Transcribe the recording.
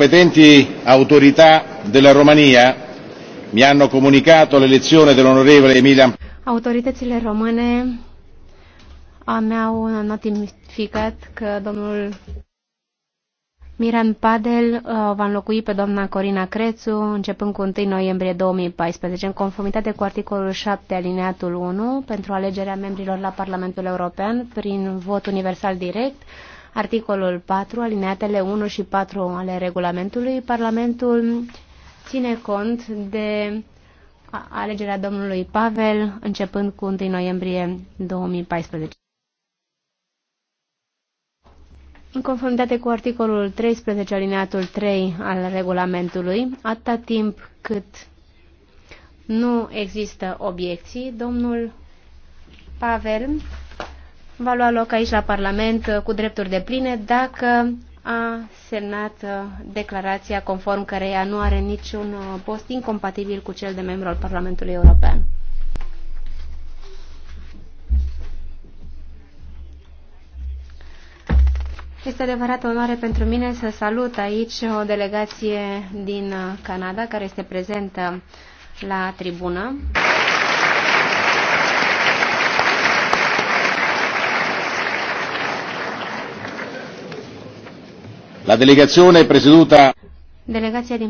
competenti autorità della Romania mi hanno comunicato l'elezione dell'onorevole Emilian. Autoritățile române mi-au notificat că domnul Miran Padel uh, va înlocui pe doamna Corina Crețu începând cu 1 noiembrie 2014, în conformitate cu articolul 7 alineatul 1 pentru alegerea membrilor la Parlamentul European prin vot universal direct. Articolul 4, alineatele 1 și 4 ale regulamentului, Parlamentul ține cont de alegerea domnului Pavel începând cu 1 noiembrie 2014. În conformitate cu articolul 13 alineatul 3 al regulamentului, atâta timp cât nu există obiecții, domnul Pavel va lua loc aici la Parlament uh, cu drepturi de pline dacă a semnat uh, declarația conform căreia nu are niciun uh, post incompatibil cu cel de membru al Parlamentului European. Este adevărat onoare pentru mine să salut aici o delegație din Canada care este prezentă la tribună. La delegazione presieduta...